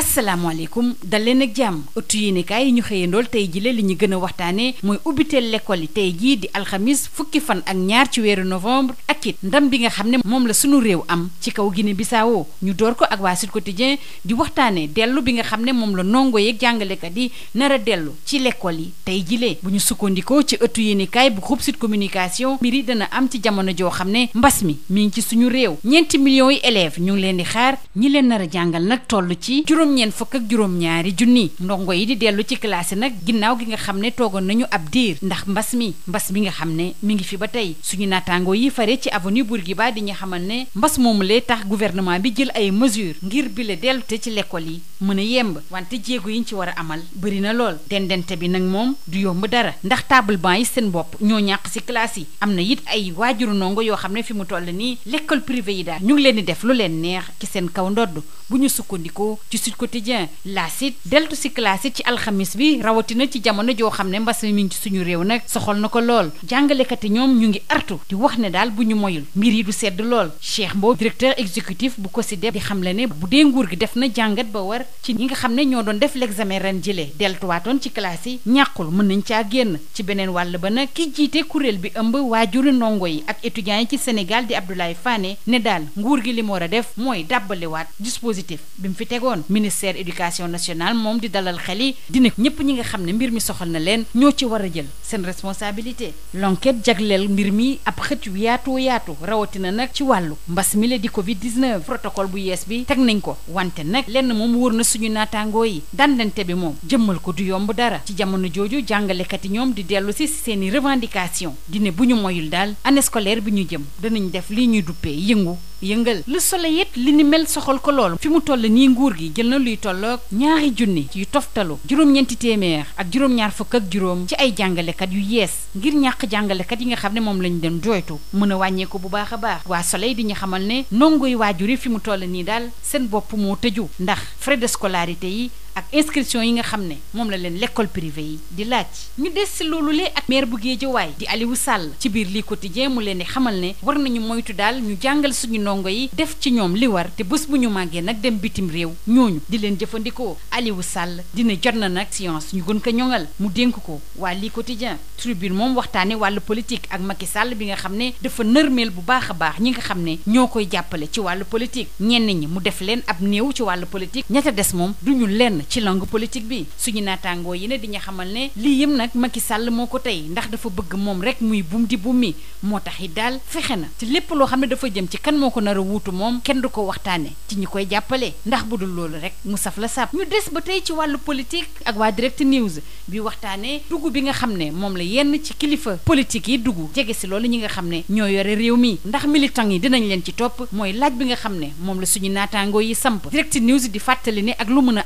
asalaamaaleykum dal leen ak jàmm ëttu yéenekaay yi ñu xëyee ndool tey jile li ñu gën a waxtaane mooy ubbiteel lekkool yi tey jii di alxamis fukki fan ak ñaar ci weeru novembre ak it ndam bi nga xam ne moom la suñu réew am ci kaw Guinée Bissau ñu door ko ak waa Sud Quotidien di waxtaanee dellu bi nga xam ne moom la ndongo yeeg jàngalekat yi nar a dellu ci lekkool yi tey jile bu ñu sukkandikoo ci ëttu yéenekaay bu groupe sit Communication mbiri dana am ci jamono joo xam ne mbas mi mi ci suñu réew ñeenti millions yi élèves ñu ngi leen di xaar ñi leen nar a jàngal nag toll ci juróom-ñeent fukk ak juróom-ñaari junni ndongo yi di dellu ci classe nag ginnaaw gi nga xam ne toogoon nañu ab diir ndax mbas mi mbas mi nga xam ne mu ngi fi ba tey suñu naataangoo yi faree ci avenue baa di nga xamal ne mbas moomu lee tax gouvernement bi jël ay mesures ngir bile dellu dellute ci lekkool yi mën a yemb wante jéego yiñ ci war a amal bëri na lool dendente bi nag moom du yomb dara ndax table banc yi seen bopp ñoo ñàq si classe yi am na it ay waajuru ndongo yoo xam ne fi mu toll nii l'école privée yi ñu ngi leen di def lu leen neex ci seen kaw ndodd quotidien laas it deltu si classe it ci alxamis bi rawatina ci jamono joo xam ne mbas mi ngi ci suñu réew nag soxol na ko lool jàngalekat yi ñoom ñu ngi artu di wax ne daal bu ñu moyul mbir yi du sedd lool Cheikh Mbow directeur exécutif bu ko si def di xamle ne bu dee nguur gi def na jàngat ba war ci ñi nga xam ne ñoo doon def l'examen ren jëlee deltuwaatoon ci classe yi ñàqul mën nañ caa génn ci beneen wàll ba nag ki jiite kuréel bi ëmb waajuri ndongo yi ak étudiants yi ci Sénégal di Abdoulaye Fane ne daal nguur gi li mu war a def mooy dàbbaliwaat dispositif ministère éducation nationale moom di dalal xel yi dina ñëpp ñi nga xam ne mbir mi soxal na leen ñoo ci war a jël seen responsabilité l'enquête jagleel mbir mi ab xët yaatoo yaatu rawatina nag ci wàllu mbas mi la di covid 19 protocole bu yees bi teg nañ ko wante nag lenn moom wóor na suñu naataangoo yi dandante bi moom jëmmal ko du yomb dara ci jamono jooju jàngalekat yi ñoom di dellu si seeni revendication dine bu ñu moyul daal année scolaire bi ñu jëm danañ def li ñuy duppee yëngu yëngal Le Soleil it li ni mel soxal ko lool fi mu toll nii nguur gi jël na luy tollook ñaari junni yu toftalu juróom-ñeenti téeméer ak juróom-ñaar fukk ak juróom ci ay jàngalekat yu yees ngir ñàkk jàngalekat yi nga xam ne moom lañ doon jooytu mën a wàññeeku bu baax a baax waa Soleil di ñu xamal ne ndongo yi waajur yi fi mu toll nii daal seen bopp moo tëju ndax frais de scolarité yi ak inscription yi nga xam ne moom la leen lekkool privée yi di laaj ñu des si loolu le ak maire bu Géejawaay di Aliou Sall ci biir lii quotidien mu leen di xamal ne war nañu moytu daal ñu jàngal suñu ndongo yi def ci ñoom li war te bés bu ñu màggee nag dem bitim réew ñooñu di leen jëfandikoo Aliou sàll dina jot na nag science ñu gën ko ñoŋal mu dénk ko waa lii quotidien tribune moom waxtaane wàll politique ak Macky sàll bi nga xam ne dafa nërmeel bu baax a baax ñi nga xam ne ñoo koy jàppale ci wàllu politique ñenn ñi mu def leen ab néew ci wàllu politique ñetta des moom duñu génn ci langue politique bi suñu naataangoo yi ne di nga xamal ne lii yëm nag Macky Sall moo ko tey ndax dafa bëgg moom rek muy bum di bum mi moo tax it daal fexe na ci lépp loo xam ne dafa jëm ci kan moo ko nar a wuutu moom kenn du ko waxtaane ci ñu koy jàppale ndax bu dul loolu rek mu saf la sàpp ñu des ba tey ci wàllu politique ak waa direct news bi waxtaanee dugg bi nga xam ne moom la yenn ci kilifa politique yi dugg jege si loolu ñi nga xam ne ñoo yore réew mi ndax militant yi dinañ leen ci topp mooy laaj bi nga xam ne moom la suñu naataangoo yi samp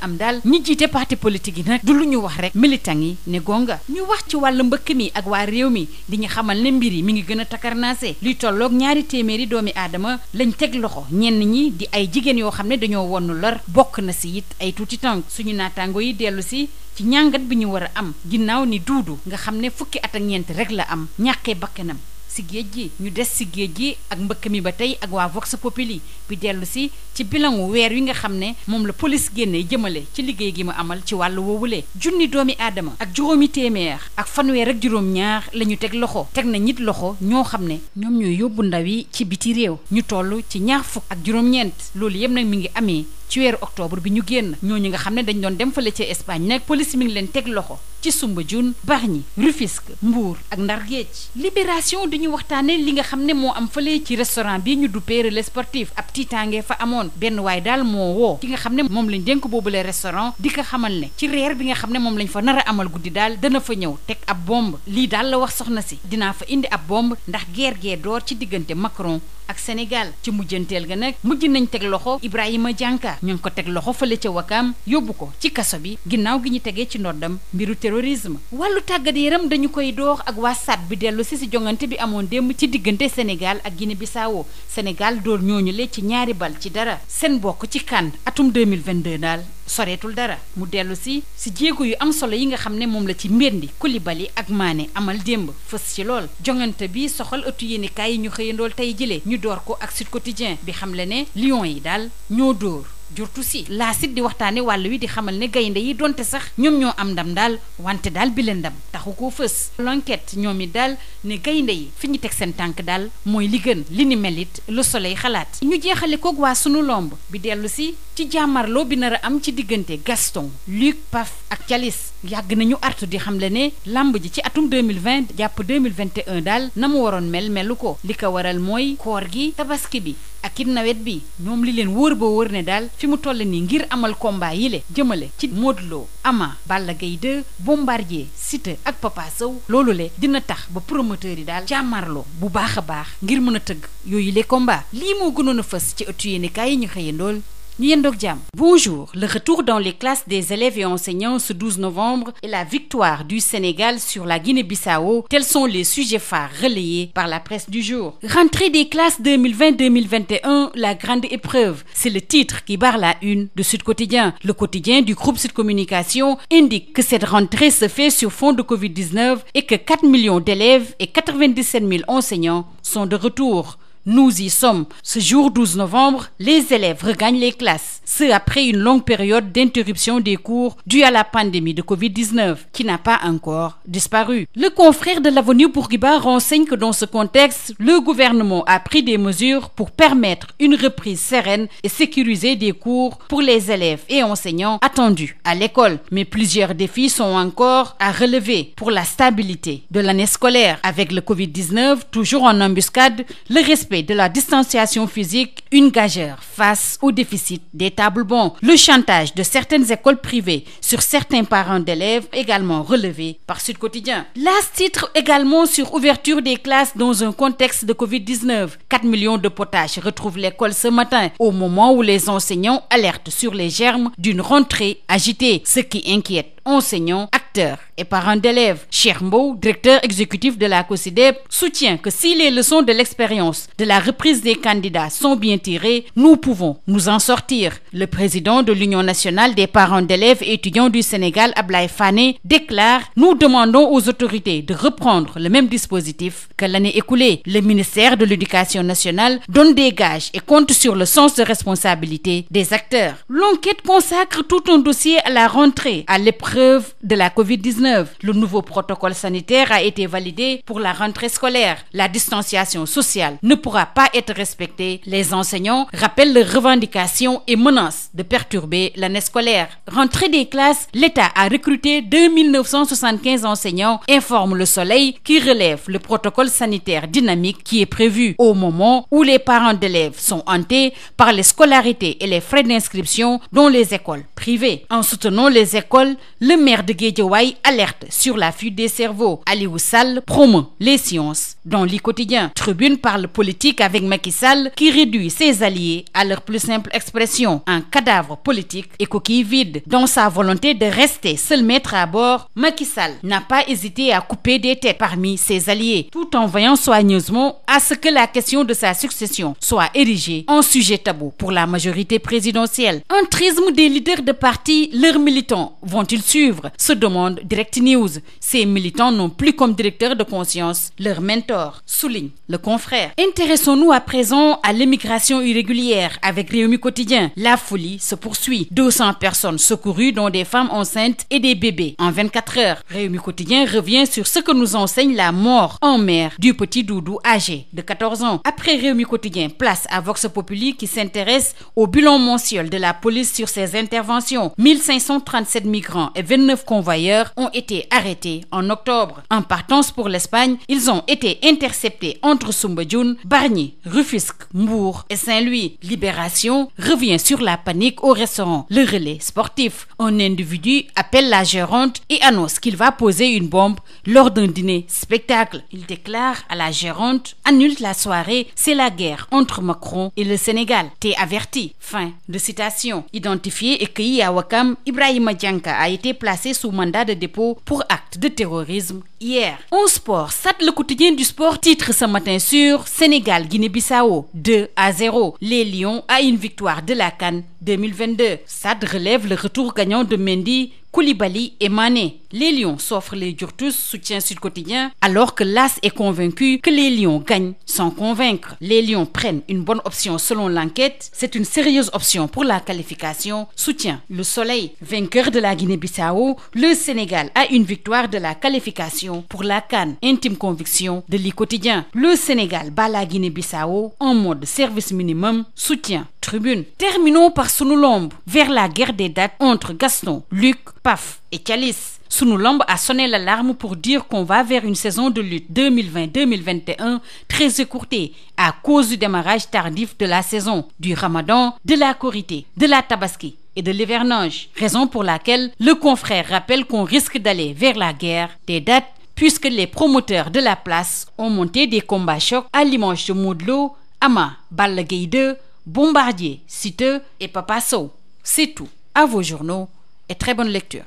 am ñi jiite parti politique yi nag du lu ñu wax rek militant yi ne gonga ñu wax ci wàllu mbëkk mi ak waa réew mi di ñu xamal ne mbir yi mi ngi gën a takarnaase luy tollook ñaari téeméeri doomi aadama lañ teg loxo ñenn ñi di ay jigéen yoo xam ne dañoo wonnu lor bokk na si it ay tuuti tànk suñu naataango yi dellu si ci ñàngat bi ñu war a am ginnaaw ni duudu nga xam ne fukki at ak ñeent rek la am ñàkkee bakkanam si géej gi ñu des si géej gi ak mbëkk mi ba tey ak waa Vox Populi bi dellu si ci bilangu weer wi nga xam ne moom la police génnee jëmale ci liggéey gi ma amal ci wàllu woowule junni doomi aadama ak juróomi téeméer ak fanweer ak juróom-ñaar la ñu teg loxo teg na ñit loxo ñoo xam ne ñoom ñooy yóbbu ndaw yi ci biti réew ñu toll ci ñaar fukk ak juróom-ñeent loolu yëpp nag mi ngi amee ci weeru octobre bi ñu génn ñooñu nga xam ne dañ doon dem fële ci Espagne nag police leen teg loxo ci Soumbédioune Bargny Rufisque Mbour ak Ndar Géej libération ñu waxtaanee li nga xam ne moo am fële ci restaurant bi ñu duppee Relais Sportif ab tiitaange fa amoon benn waaye daal moo woo ki nga xam ne moom lañ dénk boobule restaurant di ko xamal ne ci reer bi nga xam ne moom lañ fa nar a amal guddi daal dana fa ñëw teg ab bomb lii daal la wax soxna si dinaa fa indi ab bomb ndax geer gee door ci diggante Macron ak Sénégal ci mujjanteel ga nag mujj nañ teg loxo Ibrahima Dianka ñu ngi ko teg loxo fële ca Wakaam yóbbu ko ci kaso bi ginnaaw gi tegee ci ndoddam terrorisme wàllu tàggat yaram dañu koy door ak waa SAD bi dellu si si jongante bi amoon démb ci diggante Sénégal ak Guinée Bissau Sénégal door ñooñu le ci ñaari bal ci dara seen bokk ci CAN atum 2022 daal soreetul dara mu dellu si si jéego yu am solo yi nga xam ne moom la ci mbéndi Koulibaly ak maane amal démb fës ci lool jongante bi soxal ëttu yéenekaay yi ñu xëyandool tey jëlee ñu door ko ak Sud Quotidien bi xam le ne Lions yi daal ñoo dóor jurtu si laa sit di waxtaane wàll wi di xamal ne gaynde yi donte sax ñoom ñoo am ndam daal wante daal bi leen ndam taxu koo fës lonket ñoom it daal ne gaynde yi fi ñu teg seen tànk daal mooy li gën li ni melit Le Soleil xalaat ñu jeexale koog waa sunu lomb bi dellu si ci jàmmarloo bi nar am ci diggante Gaston Luc Paf ak Thialis yàgg nañu artu di xamle ne làmb ji ci atum 2020 jàpp 2021 daal na mu waroon mel melu ko li ko waral mooy koor gi tabaski bi ak it nawet bi ñoom li leen wóor ba wóor ne daal fi mu toll nii ngir amal combat yi le jëmale ci Modou Lo Ama Balla Gaye 2 Bombardier Siteu ak Papa Sow loolu le dina tax ba promoteur yi daal jàmmarloo bu baax a baax ngir mën a tëgg yooyu le combat lii moo gënoon a fës ci ëttu yéenekaay yi ñu xëyandool ñu yendoog jàmm bonjour le retour dans les classes des élèves et enseignants ce 12 novembre et la victoire du Sénégal sur la Guinée-Bissau tels sont les sujets phares relayés par la presse du jour rentrée des classes 2020-2021 la grande épreuve c'est le titre qui barre la une de Sud Quotidien le quotidien du groupe Sud Communication indique que cette rentrée se fait sur fond de Covid-19 et que 4 millions d'élèves et 97 000 enseignants sont de retour Nous y sommes. Ce jour novembre, les élèves regagnent les classes. Ce après une longue période d'interruption des cours due à la pandémie de Covid-19 qui n'a pas encore disparu. Le confrère de l'avenue Bourguiba renseigne que dans ce contexte, le gouvernement a pris des mesures pour permettre une reprise sereine et sécuriser des cours pour les élèves et enseignants attendus à l'école. Mais plusieurs défis sont encore à relever pour la stabilité de l'année respect de la distanciation physique une gageure face au déficit des tables-bancs. Le chantage de certaines écoles privées sur certains parents d'élèves également relevé par Sud Quotidien. L'AS titre également sur ouverture des classes dans un contexte de Covid-19. 4 millions de potages retrouvent l'école ce matin au moment où les enseignants alertent sur les germes d'une rentrée agitée, ce qui inquiète enseignants, acteurs et parents d'élèves. Cheikh Mbow, directeur exécutif de la COSIDEP, soutient que si les leçons de l'expérience de la reprise des candidats sont bien tirées, nous pouvons nous en sortir. Le président de l'Union nationale des parents d'élèves et étudiants du Sénégal, Ablaye Fane, déclare: "Nous demandons aux autorités de reprendre le même dispositif que l'année écoulée. Le ministère de l'Éducation nationale donne des gages et compte sur le sens de des acteurs." L'enquête à épreuve de la Covid-19. Le nouveau protocole sanitaire a été validé pour la rentrée scolaire. La distanciation sociale ne pourra pas être respectée. Les enseignants rappellent leurs revendications et menacent de perturber l'année scolaire. Rentrée des classes, l'État a recruté 2975 enseignants, informe Le Soleil, qui relève le protocole sanitaire dynamique qui est prévu au moment où les parents d'élèves sont hantés par les scolarités et les frais d'inscription dans les écoles privées. En soutenant les écoles, Le maire de Guédiawaye alerte sur la des cerveaux. Aliou Sall promeut les sciences dans Le Quotidien. Tribune parle politique avec Macky Sall qui réduit ses alliés à leur plus simple expression, un cadavre politique et coquille vide. Dans sa volonté de rester seul maître à bord, Macky n'a pas hésité à couper des têtes parmi ses alliés, tout en veillant soigneusement à ce que la question de sa succession soit érigée en sujet tabou pour la majorité présidentielle. suivre, se demande Direct News. Ces militants n'ont plus comme directeur de conscience leur mentor, souligne le confrère. Intéressons-nous à présent à l'émigration irrégulière avec Rewmi Quotidien. La folie se poursuit. 200 personnes secourues dont des femmes enceintes et des bébés en 24 heures. Rewmi Quotidien revient sur ce que nous enseigne la mort en mer du petit Doudou âgé de 14 ans. Après Rewmi Quotidien, place à Vox Populi qui s'intéresse 29 convoyeurs ont été arrêtés en octobre. En partance pour l'Espagne, ils ont été interceptés entre Soumbédioune, Bargny, Rufisque, Mbour et Saint-Louis. Libération revient sur la panique au restaurant Le Relais sportif. Un individu appelle la gérante et annonce qu'il va poser une bombe lors d'un dîner spectacle. Il déclare à la gérante: annule la soirée, c'est la guerre entre Macron et le Sénégal. T'es averti. Fin de citation. Identifié et cueilli à Ouakam, été placé sous mandat de dépôt pour acte de terrorisme hier. En sport, SAT le quotidien du sport titre ce matin sur Sénégal Guinée-Bissau 2 à 0. Les Lions à une victoire de la CAN 2022. SAT relève le retour gagnant de Mendy Koulibaly et Mané. Les Lions s'offrent les durs tous, soutient Sud Quotidien, alors que l'AS est convaincu que les Lions gagnent sans convaincre. Les Lions prennent une bonne option selon l'enquête. C'est une sérieuse option pour la qualification, soutient le Soleil. Vainqueur de la Guinée-Bissau, le Sénégal a une victoire de la qualification pour la Cannes. Intime conviction de l'I quotidien. Le Sénégal bat la Guinée-Bissau en de service minimum, soutient Tribune. Terminons par Sunulombe vers la guerre des dates entre Gaston, Luc, Paf et Thialis. Sunu Lamb a sonné l'alarme pour dire qu'on va vers une saison de lutte 2020-2021 très écourtée à cause du démarrage tardif de la saison, du Ramadan, de la Korité, de la Tabaski et de l'hivernage, raison pour laquelle le confrère rappelle qu'on risque d'aller vers la guerre des dates puisque les promoteurs de la place ont monté des combats chocs à l'image de Modlo, Ama, Bombardier, Citeux et Papa Sow. C'est tout. À vos journaux et très bonne lecture.